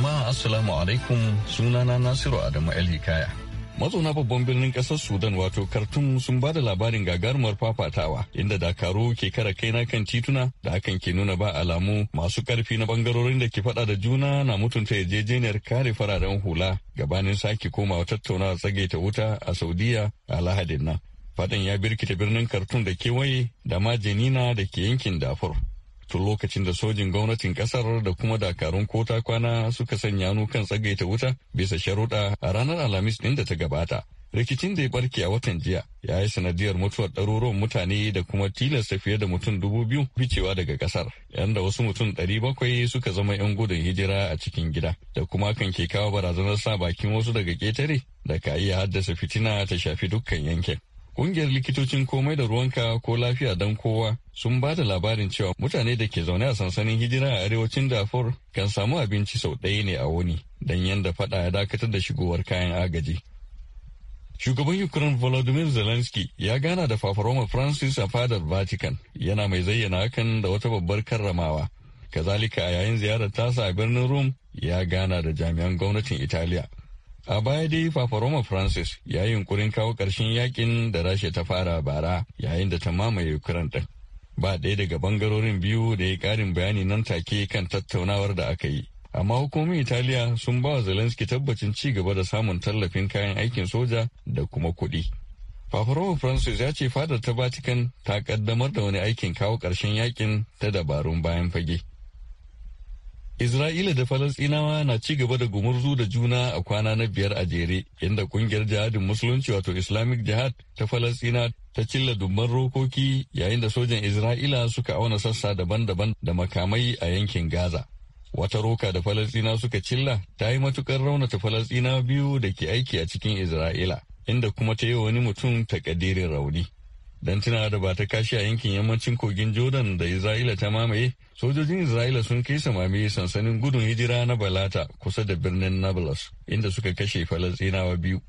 Jama'a Assalamu alaikum sunana Nasiru Adamu el hikaya Mazauna babban birnin kasar Sudan wato Khartoum sun ba da labarin gagarumar fafatawa inda dakaru ke kara kaina kan tituna da hakan ke nuna ba alamu masu karfi na bangarorin da ke fada da juna na mutunta yarjejeniyar kare fararen hula gabanin sake komawa tattaunawa tsagaita wuta a Saudiya a Lahadin nan. fadin ya birkita birnin Khartoum da kewaye da ma Jenina da ke yankin dafur. tun lokacin da sojin gwamnatin kasar da kuma dakarun kota kwana suka sanya hannu kan tsagaita wuta bisa sharuɗa a ranar alhamis ɗin da ta gabata rikicin da ya barke a watan jiya ya yi sanadiyar mutuwar ɗaruruwan mutane da kuma tilasta fiye da mutum dubu biyu ficewa daga ƙasar yanda wasu mutum ɗari bakwai suka zama 'yan gudun hijira a cikin gida da kuma kan ke kawo barazanar sa bakin wasu daga ƙetare da ka iya haddasa fitina ta shafi dukkan yankin Ƙungiyar likitocin komai da ruwanka ko lafiya don kowa sun ba da labarin cewa mutane da ke zaune a sansanin hijira a arewacin dafor kan samu abinci sau ɗaya ne a wuni don yadda faɗa ya dakatar da shigowar kayan agaji. Shugaban Ukraine Volodymyr Zelensky ya gana da Fafaroma Francis a fadar Vatican yana mai zayyana hakan da wata babbar karramawa. Kazalika a yayin ziyarar tasa a birnin Rome ya gana da jami'an gwamnatin Italiya. A baya dai Fafaroma Francis ya yi yunkurin kawo ƙarshen yakin da Rasha ta fara bara yayin da ta mamaye Ukraine ɗin. Ba ɗaya daga bangarorin biyu da ya ƙarin bayani nan take kan tattaunawar da aka yi. Amma hukumomin Italiya sun ba wa Zelensky tabbacin ci gaba da samun tallafin kayan aikin soja da kuma kuɗi. Fafaroma Francis ya ce fadar ta Vatican ta ƙaddamar da wani aikin kawo ƙarshen yakin ta dabarun bayan fage. Isra'ila da Falasɗinawa na ci gaba da gumurzu da juna a kwana na biyar a jere, inda kungiyar jihadin musulunci wato Islamic Jihad ta Falasɗina ta cilla dubban rokoki yayin da sojan Isra'ila suka auna sassa daban-daban da makamai a yankin Gaza. Wata roka da Falasɗina suka cilla ta yi matukar raunata Falasɗina biyu da ke aiki a cikin Isra'ila, inda kuma ta yi wani mutum takadirin rauni. don tunawa da ba ta kashi a yankin yammacin kogin jordan da isra'ila ta mamaye sojojin isra'ila sun kai samami sansanin gudun hijira na balata kusa da birnin nablus inda suka kashe falastinawa biyu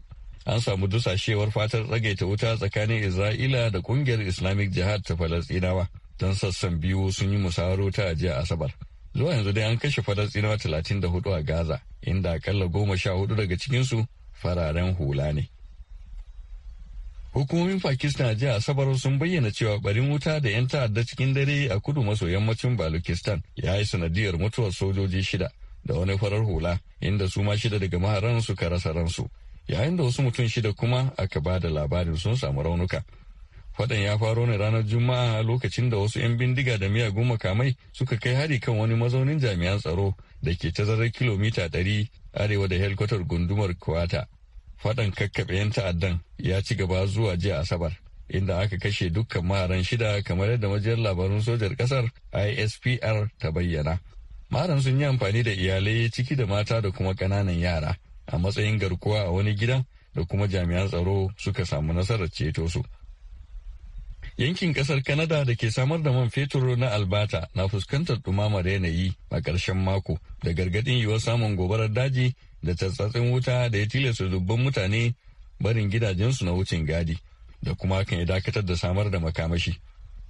an samu dusashewar fatar tsagaita wuta tsakanin isra'ila da kungiyar islamic jihad ta falastinawa don sassan biyu sun yi musawaro ta ajiya asabar zuwa yanzu dai an kashe falastinawa talatin da hudu a gaza inda akalla goma sha hudu daga cikinsu fararen hula ne Hukumomin Pakistan a jiya Asabar sun bayyana cewa barin wuta da 'yan ta'adda cikin dare a kudu maso yammacin Balukistan ya yi sanadiyar mutuwar sojoji shida da wani farar hula inda su ma shida daga maharan ka rasa ransu yayin da wasu mutum shida kuma aka ba da labarin sun samu raunuka. Fadan ya faro ne ranar Juma'a lokacin da wasu 'yan bindiga da miyagun makamai suka kai hari kan wani mazaunin jami'an tsaro da ke tazarar kilomita 100 arewa da helkwatar gundumar Kwata faɗan kakkaɓen ta'addan ya ci gaba zuwa jiya asabar inda aka kashe dukkan maharan shida kamar yadda majiyar labarun sojar ƙasar ISPR ta bayyana. maran sun yi amfani da iyalai ciki da mata da kuma ƙananan yara a matsayin garkuwa a wani gidan da kuma jami'an tsaro suka samu nasarar ceto su. Yankin kasar Canada da ke samar da man fetur na Albata na fuskantar ɗumamar yanayi a ƙarshen mako da gargaɗin yiwuwar samun gobarar daji da tatsatsin wuta da ya tilasta dubban mutane barin gidajensu na wucin gadi da kuma kan ya dakatar da samar da makamashi.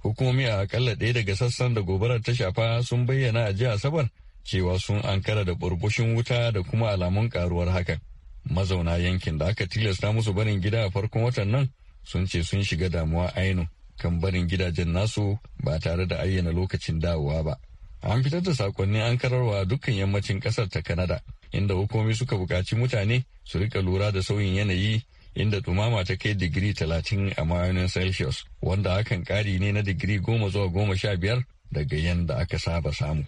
Hukumomi a akalla ɗaya daga sassan da gobarar ta shafa sun bayyana a jiya Asabar cewa sun ankara da burbushin wuta da kuma alamun karuwar hakan. Mazauna yankin da aka tilasta musu barin gida a farkon watan nan sun ce sun shiga damuwa ainu kan barin gidajen nasu ba tare da ayyana lokacin dawowa ba. An fitar da sakonni an kararwa dukkan yammacin ƙasar ta Kanada, inda hukumomi suka buƙaci mutane su rika lura da sauyin yanayi inda dumama ta kai digiri talatin a mayanin Celsius, wanda hakan ƙari ne na digiri goma zuwa goma sha biyar daga yanda aka saba samu.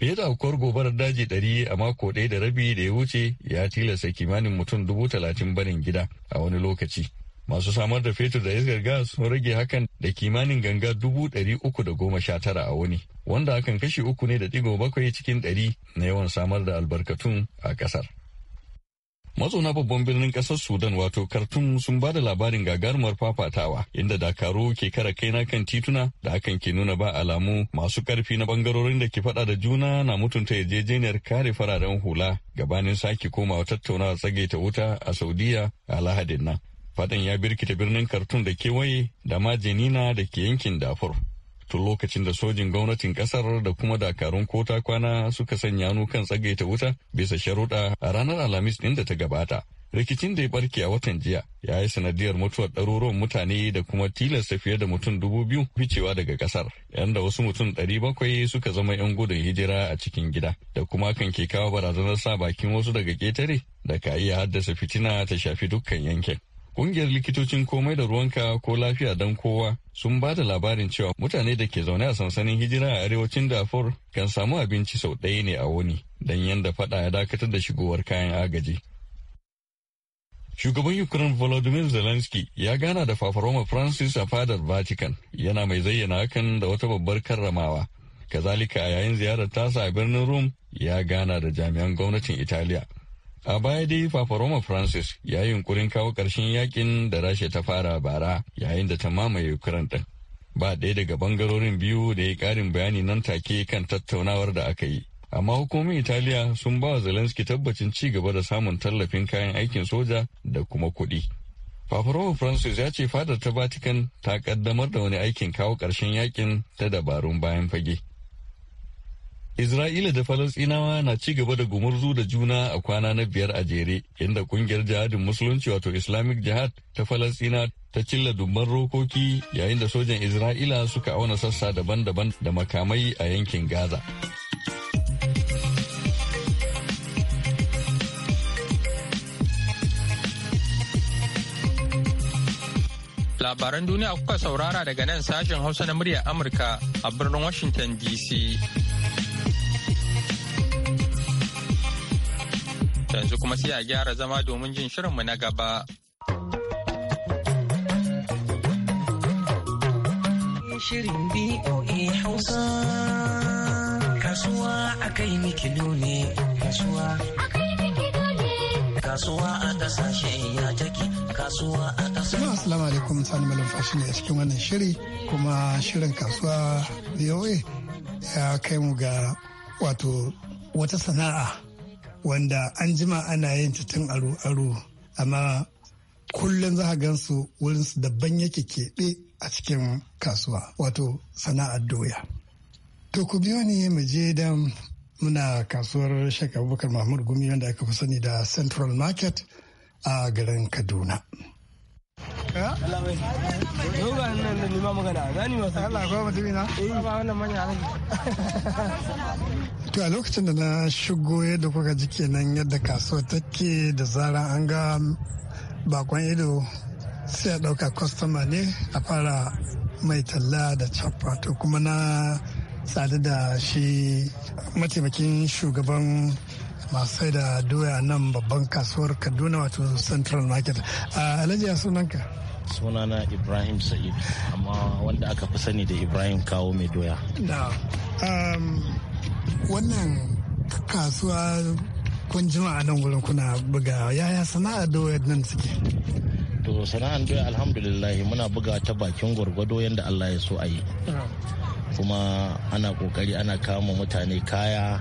Fiye da aukuwar gobarar daji ɗari a mako ɗaya da rabi da ya wuce ya tilasta kimanin mutum dubu talatin barin gida a wani lokaci. masu samar da fetur da iskar gas sun rage hakan da kimanin ganga dubu ɗari uku da goma sha tara a wuni wanda hakan kashi uku ne da ɗigo bakwai cikin ɗari na yawan samar da albarkatun a ƙasar. mazauna babban birnin ƙasar sudan wato kartun sun ba da labarin gagarumar fafatawa inda dakaru ke kara kaina kan tituna da hakan ke nuna ba alamu masu karfi na bangarorin da ke fada da juna na mutunta yarjejeniyar kare fararen hula gabanin sake komawa tattaunawa tsagaita wuta a saudiya a lahadin nan Fadan ya birkita birnin kartun da kewaye da majinina Jenina da ke yankin Dafur. Tun lokacin da sojin gwamnatin kasar da kuma dakarun kota kwana suka sanya hannu kan tsagaita wuta bisa sharuɗa a ranar Alhamis ɗin da ta gabata. Rikicin da ya barke a watan jiya ya yi sanadiyar mutuwar ɗaruruwan mutane da kuma tilasta fiye da mutum dubu biyu ficewa daga ƙasar, yadda wasu mutum ɗari bakwai suka zama 'yan gudun hijira a cikin gida, da kuma kan ke kawo barazanar sa bakin wasu daga ƙetare da ka iya haddasa fitina ta shafi dukkan yankin. Ƙungiyar likitocin komai da ruwanka ko lafiya don kowa sun ba da labarin cewa mutane da ke zaune a sansanin hijira a arewacin Darfur kan samu abinci sau ɗaya ne a wuni don yadda faɗa ya dakatar da shigowar kayan agaji. Shugaban Ukraine Volodymyr Zelensky ya gana da Fafaroma Francis a fadar Vatican yana mai zayyana hakan da wata babbar karramawa. Kazalika a yayin ziyarar tasa a birnin Rome ya gana da jami'an gwamnatin Italiya. A baya dai fafaroma Francis ya yi yunkurin kawo ƙarshen yakin da Rasha ta fara bara yayin da ta mamaye Ukraine ɗin. Ba ɗaya daga bangarorin biyu da ya ƙarin bayani nan take kan tattaunawar da aka yi. Amma hukumomin Italiya sun ba wa Zelensky tabbacin ci gaba da samun tallafin kayan aikin soja da kuma kuɗi. fafaroma Francis ya ce fadar ta Vatican ta ƙaddamar da wani aikin kawo ƙarshen yakin ta dabarun bayan fage. Isra'ila da Falasɗinawa na ci gaba da gumurzu da juna a kwana na biyar a jere, inda kungiyar jihadin musulunci wato Islamic Jihad ta Falasɗina ta cilla dubban rokoki yayin da sojan Isra'ila suka auna sassa daban-daban da makamai a yankin Gaza. Labaran duniya kuka saurara daga nan sashen Hausa na muryar Amurka a birnin Washington DC. Yanzu kuma sai a gyara zama domin jin mu na gaba. Shirin BOA Hausa Kasuwa a kai mikido ne Kasuwa Kasuwa a kasashe ya take Kasuwa a kasashe Jama'a assalamu alaikum ne a cikin wannan shiri kuma shirin kasuwa BOA ya kai mu ga wato wata sana'a wanda an jima ana yin ta tun aro-aro amma kullum za a gan gansu wurinsu daban yake keɓe a cikin kasuwa wato sana'ar doya. To ku biyo ni mu je dan muna kasuwar Sheikh Abubakar Mahmud Gumi wanda aka fi sani da Central Market a garin Kaduna. Eh? To a lokacin da na shigo yadda kuka ji kenan yadda kasuwa take da zaran an ga bakon ido sai a ɗauka kwastama ne a fara mai talla da cappa to kuma na sadu da shi mataimakin shugaban masu sai da doya nan babban kasuwar kaduna wato central market alhaji sunanka sunana ibrahim sa'id amma wanda aka fi sani da ibrahim kawo mai doya um, wannan kasuwa kun jima nan wurin kuna buga yaya sana'a doyar nan suke to sana'ar doya alhamdulillah muna buga ta bakin gwargwado yadda allah ya so a yi ah. kuma ana kokari ana kama mutane kaya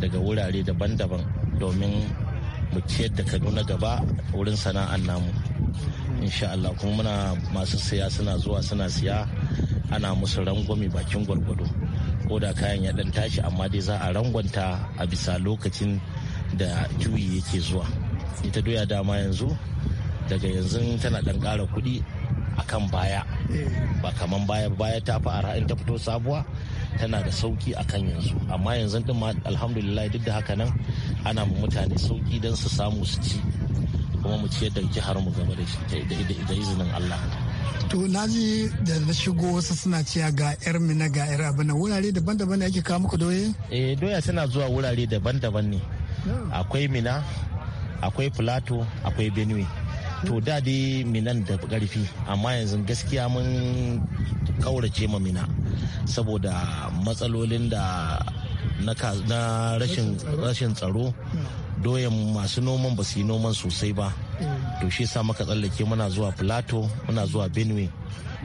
daga wurare daban-daban domin mu ciyar da kaduna gaba wurin sana'an namu insha Allah kuma muna masu siya suna zuwa suna siya ana musu rangwami bakin gwargwado ko da kayan ya dan tashi amma dai za a rangwanta a bisa lokacin da juyi yake zuwa ita doya dama yanzu daga yanzu tana dan kara kuɗi akan baya ba kaman baya baya ta fi arha in ta fito sabuwa tana da sauki akan yanzu amma yanzu din ma alhamdulillah duk da haka nan ana mu mutane sauki don su samu su ci kuma mu ci yadda jihar mu gaba da izinin Allah to na ji da na shigo wasu suna cewa ga yar mina ga yar abana wurare daban-daban ne ake kawo muku doye eh doya tana zuwa wurare daban-daban ne oh. akwai mina akwai plato akwai benue to da dai minan da karfi amma yanzu gaskiya mun kaurace ma mina saboda matsalolin da na rashin tsaro doyan masu noman ba su yi noman sosai ba mm. to shi sa muka tsallake muna zuwa plateau muna zuwa benue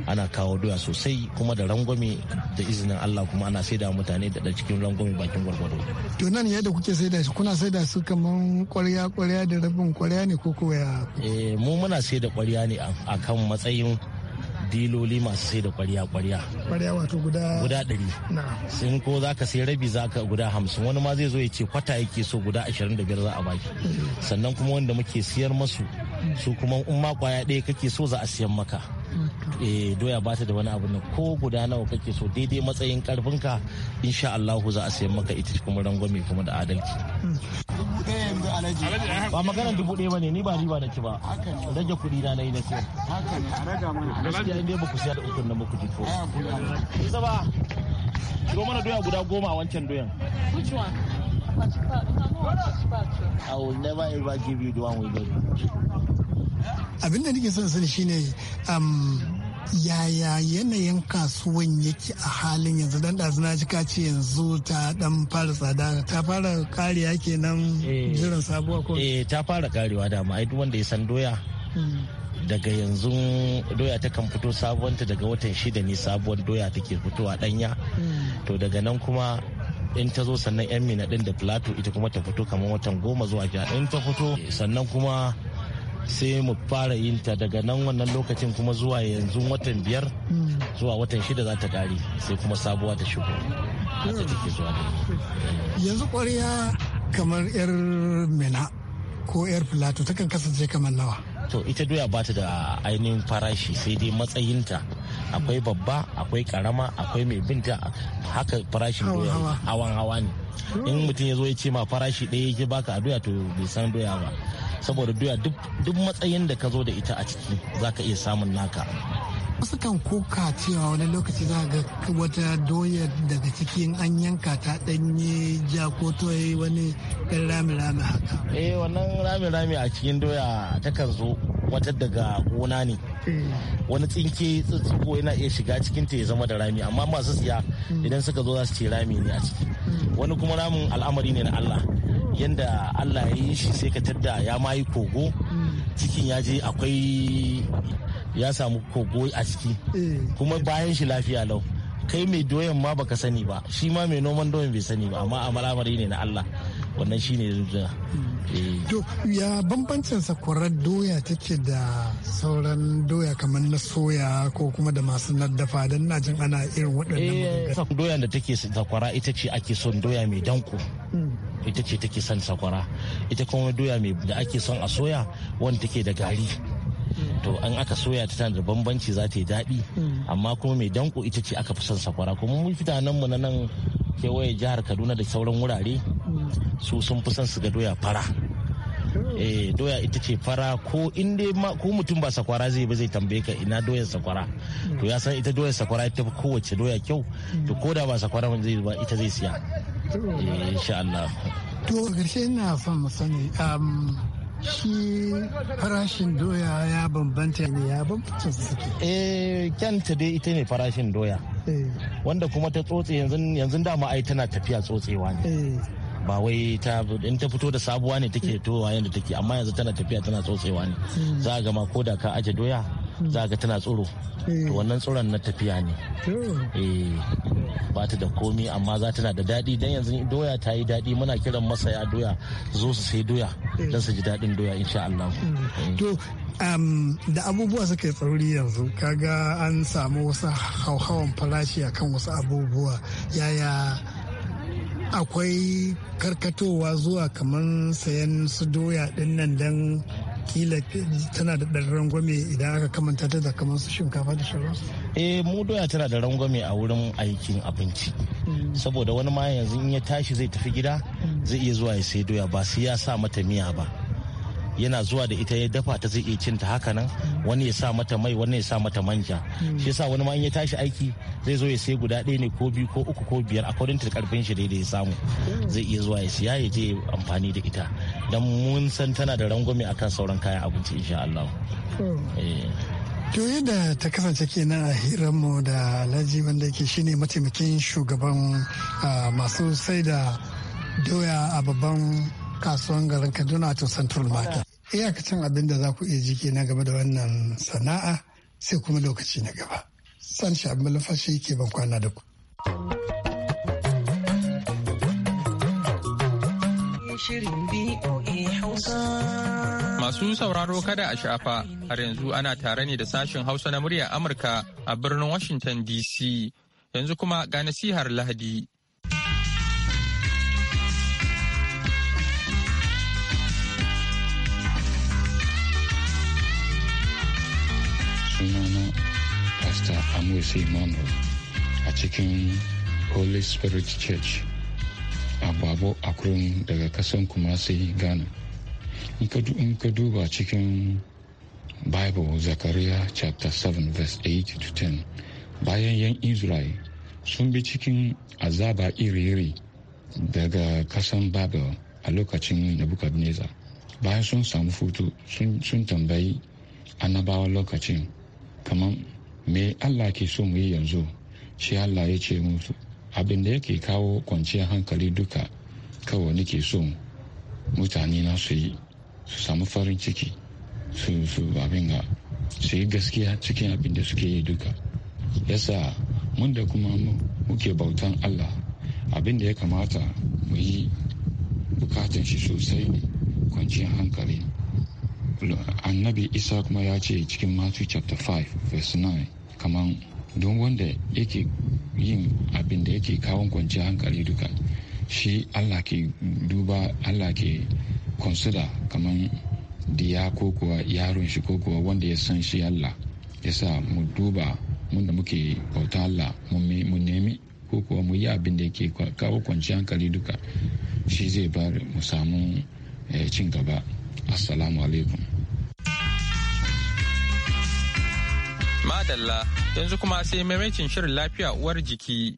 ana kawo doya sosai kuma da rangwame da izinin Allah kuma ana saida mutane da cikin rangwame bakin gwargwado. To nan yadda kuke saida shi kuna saida su kamar kwarya kwarya da rabin kwarya ne ko koya? Eh mu muna saida kwarya ne a kan matsayin diloli masu saida da kwarya kwarya kwarya wato guda guda ɗari sun ko za ka sai rabi za ka guda hamsin wani ma zai zo ya ce kwata yake so guda ashirin da biyar za a baki mm. sannan kuma wanda muke siyar masu su kuma in ma kwaya ɗaya kake so za a siyan maka eh doya ba ta da wani abu ko guda nawa kake so daidai matsayin karfinka insha Allahu za a sayi maka ita kuma rangwame kuma da adalci ba magana dubu ɗaya ba ne ni ba riba da ba rage kuɗi na nayi na haka ne a raga mana gaskiya dai ba ku siya da ukun nan ba ku mana doya guda goma a wancan doyan I will never ever give you the one we Abin da nake son sani shine um, yaya yanayin kasuwan yake a halin yanzu dan ɗazuna ji ce yanzu ta dan fara tsada ta fara kariya kenan eh. jiran sabuwa ko eh ta fara karewa dama ai duk wanda ya san doya hmm. daga yanzu doya ta kan fito sabuwanta daga watan shida ne sabuwar doya take fitowa danya hmm. to daga nan kuma in ta zo sannan yan mina din da plato ita kuma ta fito kamar watan goma zuwa sha in ta fito sannan kuma sai mu fara yin ta daga nan wannan lokacin kuma zuwa yanzu watan biyar zuwa watan shida za ta ƙare sai kuma sabuwa ta shigo yanzu kwarya kamar yar mina ko yar filato takan kasance kamar nawa to ita doya bata ta da ainihin farashi sai dai matsayinta akwai babba akwai karama akwai mai binta haka farashin doya hawan hawa ne in mutum ya zo ya ce ma farashi ɗaya ya yake baka a doya to bai san doya ba saboda doya duk matsayin da ka zo da ita a ciki za ka iya samun naka Wasu kan koka cewa wani lokaci za ga wata doya daga cikin an yanka ta danye ja ko toye wani ɗan rami-rami haka. Eh wannan rami-rami a cikin doya takan zo wata daga gona ne eh. wani tsinke tsiko yana iya shiga cikin ta ya zama da rami amma masu siya hmm. idan suka zo za su ce rami ne a ciki hmm. wani kuma ramin al'amari ne na Allah yanda Allah ya yi shi sai ka tadda ya mayi kogo hmm. cikin ya je akwai ya samu kogo a ciki eh. kuma bayan shi lafiya lau kai mai doyan ma baka sani ba shi ma mai noman doyan bai sani ba amma mal'amari ne na Allah wannan shi zuwa hmm. eh. to ya bambancin sakwarar doya take da sauran doya kamar na soya ko kuma da masu naddafa don na jin ana irin waɗannan eh, doya da take sakwara ita ce ake son doya mai danko hmm. ita ce take son sakwara ita kuma doya da ake son a soya wanda take da gari to an aka soya ta tana da bambanci za ta yi daɗi mm. amma kuma mai danko ita ce aka fi son sakwara kuma mun fita nan mu na nan kewaye jihar kaduna da sauran wurare mm. su sun fi son su ga doya fara eh doya ita ce fara ko in dai ko mutum ba sakwara zai ba zai tambaye ka ina doyar sakwara mm. to ya san ita doyar sakwara ita kowace doya kyau to ko da ba sakwara zai ba ita zai siya eh insha Allah to garshe ina son mu sani um, shi farashin doya ya bambanta ne ya bambanta suke. Eh kyanta dai ita ne farashin doya. Eh. Wanda kuma ta tsotse yanzu da ai tana tafiya tsotsewa ne. Eh. ba wai ta in ta fito da sabuwa ne take towa yadda take amma yanzu tana tafiya tana tsotsewa ne hmm. za ga ma ko da ka aje doya hmm. za ga tana tsoro eh. to wannan tsoron na tafiya ne bata da komi amma za tana da daɗi dan yanzu doya ta yi daɗi muna kiran masaya doya zo su sai doya eh. don su ji daɗin doya insha Allah. Mm. Mm. To da abubuwa suka yi tsauri yanzu kaga an samu wasu hauhawan farashi akan wasu abubuwa yaya akwai karkatowa zuwa kamar sayan su doya din nan don kila tana da ɗan rangwame idan aka kamanta ta da kamar su shinkafa da shirinsu. eh mu doya tana da rangwame a wurin aikin abinci mm. saboda wani ma yanzu in ya tashi zai tafi gida mm. zai iya zuwa ya sai doya ba sai ya sa mata miya ba yana zuwa da ita ya dafa ta zai iya cinta haka nan mm. wani ya sa mata mai wani ya sa mata manja shi yasa wani ma in ya tashi aiki zai zo ya sai guda ɗaya ne ko biyu ko uku ko biyar according to karfin shi da ya samu zai iya zuwa ya siya ya je amfani da ita dan mun san tana da rangwame akan sauran kayan abinci insha Allah To yadda ta kasance kenan a hiranmu da Alhaji wanda yake shine mataimakin shugaban masu sai da doya a babban kasuwan garin Kaduna to Central Market. Iyakacin abin da za ku iya ji na game da wannan sana'a sai kuma lokaci na gaba. San shi abin lafashi ke ban kwana da ku. Shirin BOA Hausa. Masu sauraro kada a shafa, har yanzu ana tare ne da sashen Hausa na muryar Amurka a birnin Washington DC. Yanzu kuma ga nasihar Lahadi. Sunana Pastor Amwese Emmanuel a cikin Holy Spirit Church a babu Akron daga kasan Kumasi, Ghana. in ka duba cikin bible zakariya chapter 7 verse 8 to 10 bayan yan israel sun bi cikin azaba iri-iri daga kasan babel a lokacin nebuchadnezzar bayan sun samu futu sun tambayi annabawa lokacin kamar me allah ke so mu yi yanzu shi allah ya ce mutu abin da yake kawo kwanciyar hankali duka kawai nake so mutane na su yi su samu farin ciki su su abin ga su yi gaskiya cikin abin da suke yi duka yasa mun da kuma muke bautan allah abin da ya kamata mu yi bukatan shi sosai ne kwanciyar hankali annabi isa kuma ya ce cikin matthew chapter 5 verse 9 kamar don wanda yake yin abin da yake kawon kwanciyar hankali duka shi allah ke duba allah ke konsida kamar diya ko kuwa yaron shi ko kuwa wanda ya san shi Allah ya sa mu duba mun da muke bauta Allah mu nemi ko kuwa mu yi abin da yake kawo kwanci hankali duka shi zai bari mu samu eh, cin gaba assalamu alaikum madalla yanzu kuma sai maimakin shirin lafiya uwar jiki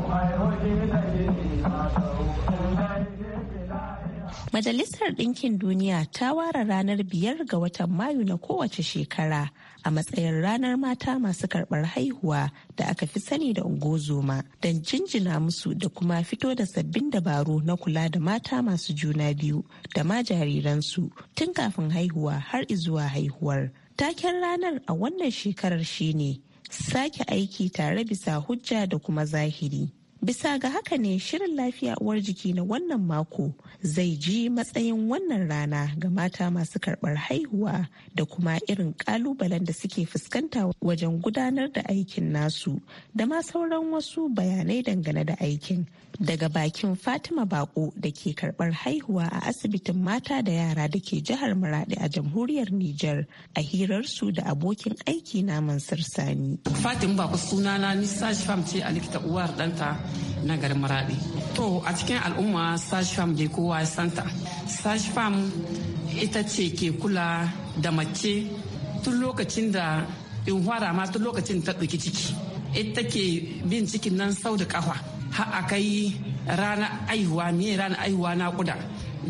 Majalisar Ɗinkin Duniya ta ware ranar biyar ga watan Mayu na kowace shekara a matsayin ranar mata masu karɓar haihuwa da aka fi sani da ungozoma don jinjina musu da kuma fito da sabbin dabaru na kula da mata masu juna biyu da ma jariransu tun kafin haihuwa har izuwa haihuwar. Taken ranar a wannan shekarar shine sake aiki tare bisa hujja da kuma zahiri. Bisa ga haka ne shirin lafiya uwar jiki na wannan mako zai ji matsayin wannan rana ga mata masu karɓar haihuwa da kuma irin ƙalubalen da suke fuskanta wajen gudanar da aikin nasu da ma sauran wasu bayanai dangane da aikin. Daga bakin Fatima Bako da ke karɓar haihuwa a asibitin mata da yara da ke jihar Maraɗi a jamhuriyar Nijar a hirarsu da abokin aiki na mansar Sani. Fatima Bako sunana ni sashi ce a likita uwar ɗanta na garin maradi to a cikin al'umma sash farm dai kowa santa sash farm ita ce ke kula da mace tun lokacin da in fara ma tun lokacin ta ɗauki ciki ita ke bin cikin nan sau da ƙafa har a kai rana aihuwa me rana aihuwa na kuda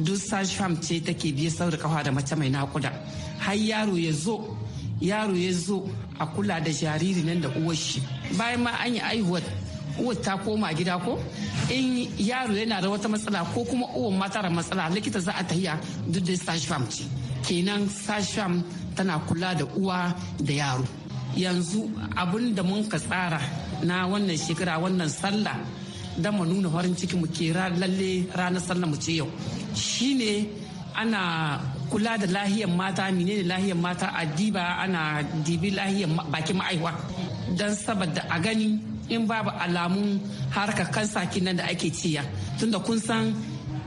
duk sash farm ce ke biye sau da ƙafa da mace mai nakuda har yaro ya zo yaro ya zo a kula da jariri nan da uwar shi bayan ma an yi aihuwar uwar ta koma gida ko in yaro yana da wata matsala ko kuma uwar mata da matsala likita za a tahiya duk da sashfam ce kenan fam tana kula da uwa da yaro yanzu abin da mun ka tsara na wannan shekara wannan sallah don mu nuna farin ciki mu ke lalle ranar sallah mu ce yau shine ana kula da lahiyar mata menene lahiyar mata a diba ana dibi lahiyar bakin ma'aiwa don saboda a gani in babu alamun harkar kansa kinan da ake ciya tunda kun san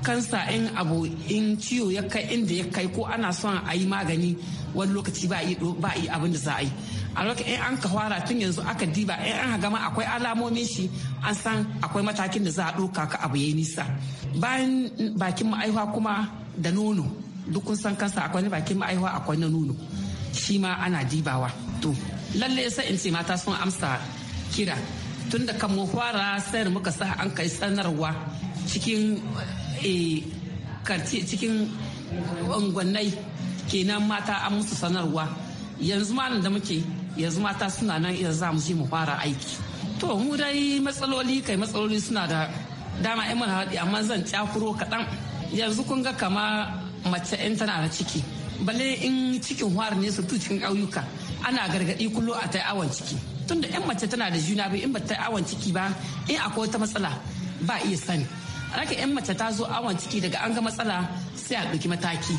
kansa in abu in ciwo ya kai inda ya kai ko ana son a yi magani wani lokaci ba a yi abin da za a yi a lokacin in an ka fara tun yanzu aka diba in an gama akwai alamomin shi an san akwai matakin da za a ɗauka ka abu ya yi nisa bayan bakin ma'aihuwa kuma da nono duk kun san kansa akwai bakin ma'aihuwa akwai na nono shi ma ana dibawa to lalle sai in ce mata sun amsa kira tun da mu fara sayar muka sa an kai sanarwa cikin eh, karce cikin ungwannai kenan mata an musu sanarwa yanzu ma da muke yanzu mata suna nan iya za mu je mu fara aiki to mu dai matsaloli kai matsaloli suna da dama yan mana haɗi amma zan cakuro kaɗan yanzu kun ga kama mace yan tana da ciki balle in cikin hwar ne su cikin ƙauyuka ana gargadi kullo a ta awon ciki tunda yan mace tana da juna biyu in ba ta awon ciki ba in akwai wata matsala ba iya sani raka yan mace ta zo awon ciki daga an ga matsala sai a ɗauki mataki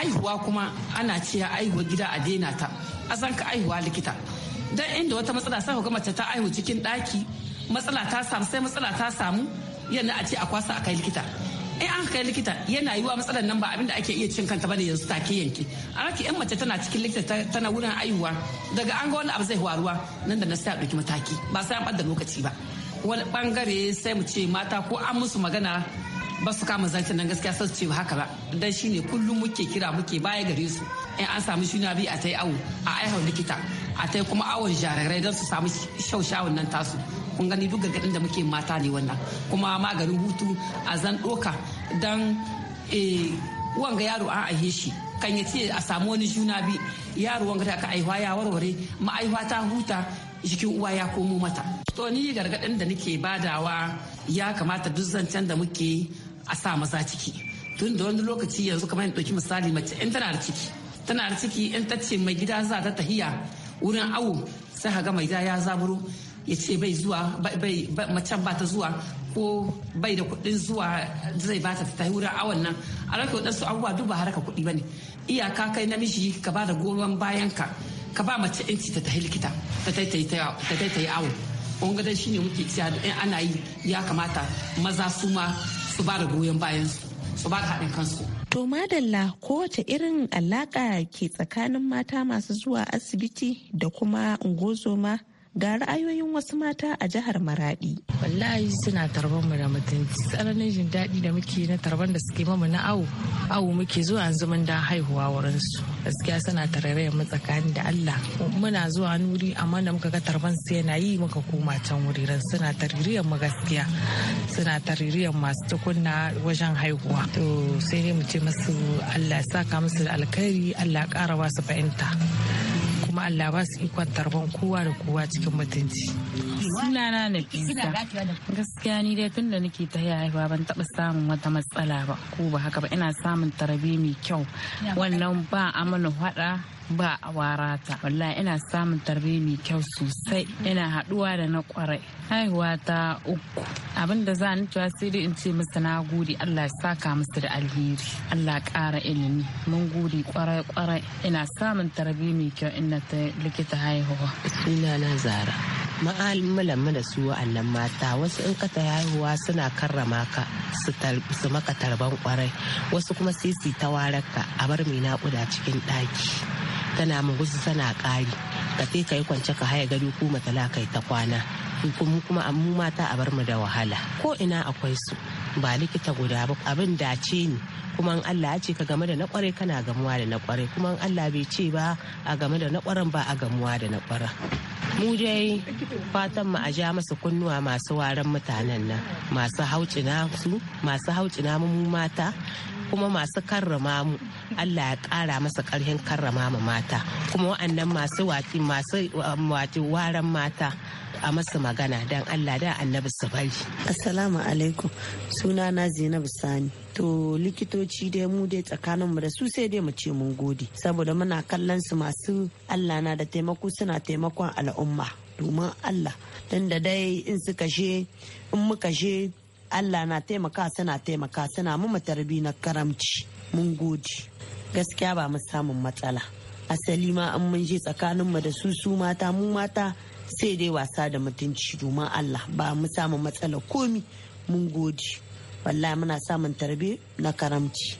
aihuwa kuma ana cewa aihuwa gida a daina ta a ka aihuwa likita dan inda wata matsala sai ga mace ta aihu cikin ɗaki matsala ta samu sai matsala ta samu yana a ce a kwasa a kai likita in eh, an kai likita yana yiwa matsalar nan ba abinda ake iya cin kanta da yanzu take yanke a haka yan mace tana cikin likita tana wurin ayuwa daga an ga wani abu zai faruwa nan da na sai a ɗauki mataki ba sai an ɓadda lokaci ba wani bangare sai mu ce mata ko an musu magana ba su kama zancen nan gaskiya sai su ce haka ba dan shine kullum muke kira muke baya gare su in an samu shuna biyu a tai awo a aihau likita a tai kuma awon jarirai don su samu shaushawan nan tasu kun gani duk gargadin da muke mata ne wannan kuma maganin hutu a zan doka don eh, wanga yaro an aihe shi kan ya ce a samu wani juna bi yaro wanga ta aka aihuwa ya warware ma'aihuwa ta huta jikin uwa ya komo mata to ni gargaɗin da nake badawa ya kamata duk zancen da muke a sa maza ciki tun da wani lokaci yanzu kamar in ɗauki misali mace in tana da ciki tana da ciki in ta ce mai gida za ta tahiya wurin awo sai ga mai gida ya zaburo ya ce bai zuwa macen ba ta zuwa ko bai da kuɗin zuwa zai ba ta fita wurin awon nan a raka waɗansu abubuwa duk ba haraka kuɗi ba ne iyaka kai namiji ka ba da goron bayan ka ka ba mace inci ta tahi likita ta ta yi awo wanga dai shine muke cewa in ana yi ya kamata maza su ma su ba da goyon bayan su su ba da haɗin kansu To madalla kowace irin alaka ke tsakanin mata masu zuwa asibiti da kuma ungozoma ga ra'ayoyin wasu mata a jihar Maradi. Wallahi suna tarban mu da mutunci tsananin jin daɗi da muke na tarban da suke mamu na awo awo muke zuwa yanzu mun da haihuwa wurin su gaskiya suna tarairayar mu tsakanin da Allah muna zuwa nuri amma da muka ga tarban su yana yi muka koma can wuriran suna taririyan mu gaskiya suna taririyan masu tukunna wajen haihuwa to sai ne mu ce masu Allah ya saka musu da alkhairi Allah ya ƙara ba su fahimta kuma Allah ba su iko tarban kowa da kowa cikin mutunci. Sunana na fisa gaskiya ni dai tun da nake ta haihuwa ban taɓa samun wata matsala ba ko ba haka ba ina samun tarbe mai kyau wannan ba amana hada ba a warata wallahi ina samun tarbe mai kyau sosai ina haɗuwa da na kwarai haihuwa ta uku abin da za ni cewa sai dai in ce musu na gode Allah ya saka musu da alheri Allah kara ilimi mun gode kwarai kwarai ina samun tarbe mai kyau ina ta likita haihuwa sunana zara ma'almalan da su wa'annan mata wasu in kata haihuwa suna karrama ka su maka tarban kwarai wasu kuma sai su ta waraka a bar mai naƙuda cikin ɗaki tana mugusu sana ƙari ka sai ka yi kwance ka haya gado ko matala kai ta kwana kuma mu mata a bar mu da wahala ko ina akwai su ba likita guda ba abin da ce ni kuma Allah ya ce ka game da na kware kana gamuwa da na kware kuma Allah bai ce ba a game da na kwaran ba a gamuwa da na kwaren mu dai fatan mu a ja masa kunnuwa masu waran mutanen nan masu haucina su masu haucina mu mata kuma masu karrama mu Allah ya kara masa karhin karrama mu mata kuma wa'annan masu wati masu um, waran mata a masa magana dan Allah da annabi su bari assalamu alaikum suna na Zainab Sani to likitoci dai mu dai tsakanin mu da su sai dai mu ce mun gode saboda muna kallon su masu Allah na da taimako suna taimakon al'umma domin Allah dan da dai in su kashe in muka she Allah na taimaka suna taimaka suna mu tarbi na karamci mun gode gaskiya ba mu samun matsala asali ma an mun je tsakaninmu da su su mata mu mata sai dai wasa da mutunci domin Allah ba mu samu matsala komi mun gode wallahi muna samun tarbe na karamci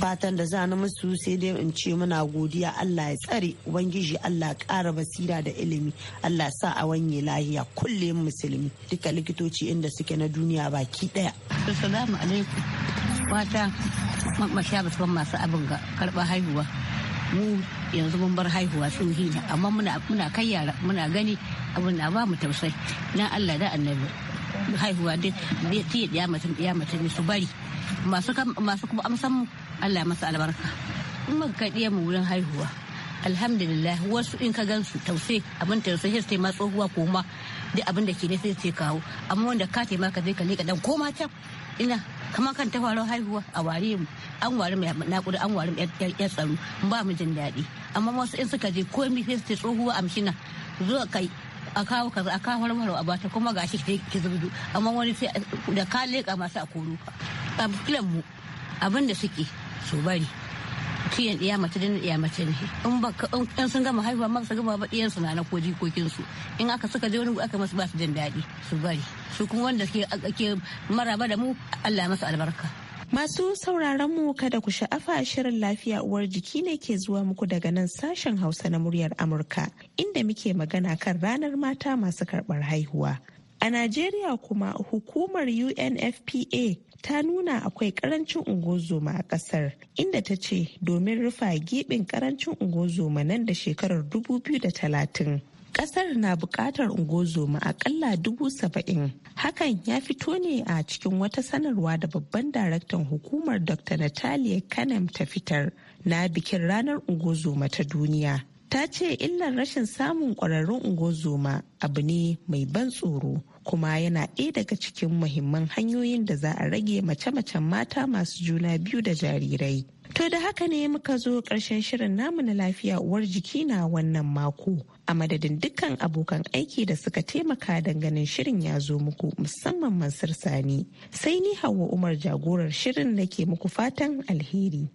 fatan da za na musu sai dai in ce muna godiya Allah ya tsare ubangiji Allah kara basira da ilimi Allah sa a wanye lahiya kulle musulmi duka likitoci inda suke na duniya baki daya assalamu alaikum mata mabasha basu masu abin ga karba haihuwa mu yanzu mun bar haihuwa tsohi hina amma muna kai yara muna gani abin na ba mu tausayi na Allah da annabi haihuwa duk zai ya mutum ya mutum su bari masu masu kuma amsan Allah masa albarka in muka kai mu wurin haihuwa alhamdulillah wasu in ka gansu tausai abin tausayi sai ma tsohuwa ma duk abin da ke ne sai kawo amma wanda ka taimaka zai ka leka dan koma can ina kama kan ta faru haihuwa a ware mu an ware na kudu an ware yar tsaro ba mu jin daɗi amma wasu in suka je komi sai su tsohuwa amshina zuwa kai a kawo kaza a kawo marmaro a bata kuma gashi ki zubdu amma wani sai da ka leƙa masu a koro a mu abin da suke su bari ciyan ɗiya mace da ɗiya mace ne in ba in sun gama haihuwa ma su gama ba ɗiyan su na na ko jikokin su in aka suka je wani aka masu ba su jin daɗi su bari su kuma wanda ke maraba da mu Allah masa albarka Masu sauraron mu kada ku sha'afa shirin lafiya uwar jiki ne ke zuwa muku daga nan sashen Hausa na muryar Amurka inda muke magana kan ranar mata masu karɓar haihuwa. A Najeriya kuma hukumar UNFPA ta nuna akwai karancin ungozoma a kasar inda ta ce domin rufa gibin karancin ungozoma nan da shekarar 2030 kasar na bukatar ungozoma akalla dubu saba'in hakan ya fito ne a cikin wata sanarwa da babban daraktan hukumar dr natalia kanem ta fitar na bikin ranar ungozoma ta duniya ta ce illar rashin samun kwararrun ungozoma abu ne mai ban tsoro kuma yana ɗaya daga cikin muhimman hanyoyin da za a rage mace-macen mata masu juna biyu da jarirai. To da haka ne muka zo ƙarshen shirin namu na lafiya uwar jiki na wannan mako. A madadin dukkan abokan aiki da suka taimaka ganin shirin ya zo muku musamman Mansur Sani. Sai ni Hauwa Umar jagorar shirin nake muku fatan alheri.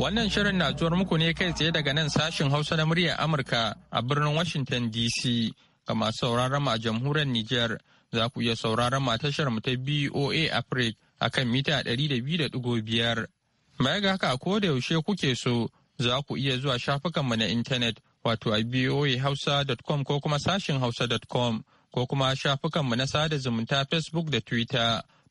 Wannan shirin na zuwar muku ne kai tsaye daga nan sashin Hausa na muryar Amurka a birnin Washington DC ga masu sauraron mu a jamhuriyar Nijar za ku iya sauraron mu a tashar mu ta BOA Africa a kan mita 200.5. Baya ga haka ko da yaushe kuke so za ku iya zuwa shafukanmu na intanet wato a boahausa.com ko kuma sashin hausa.com ko kuma shafukanmu na sada zumunta Facebook da Twitter.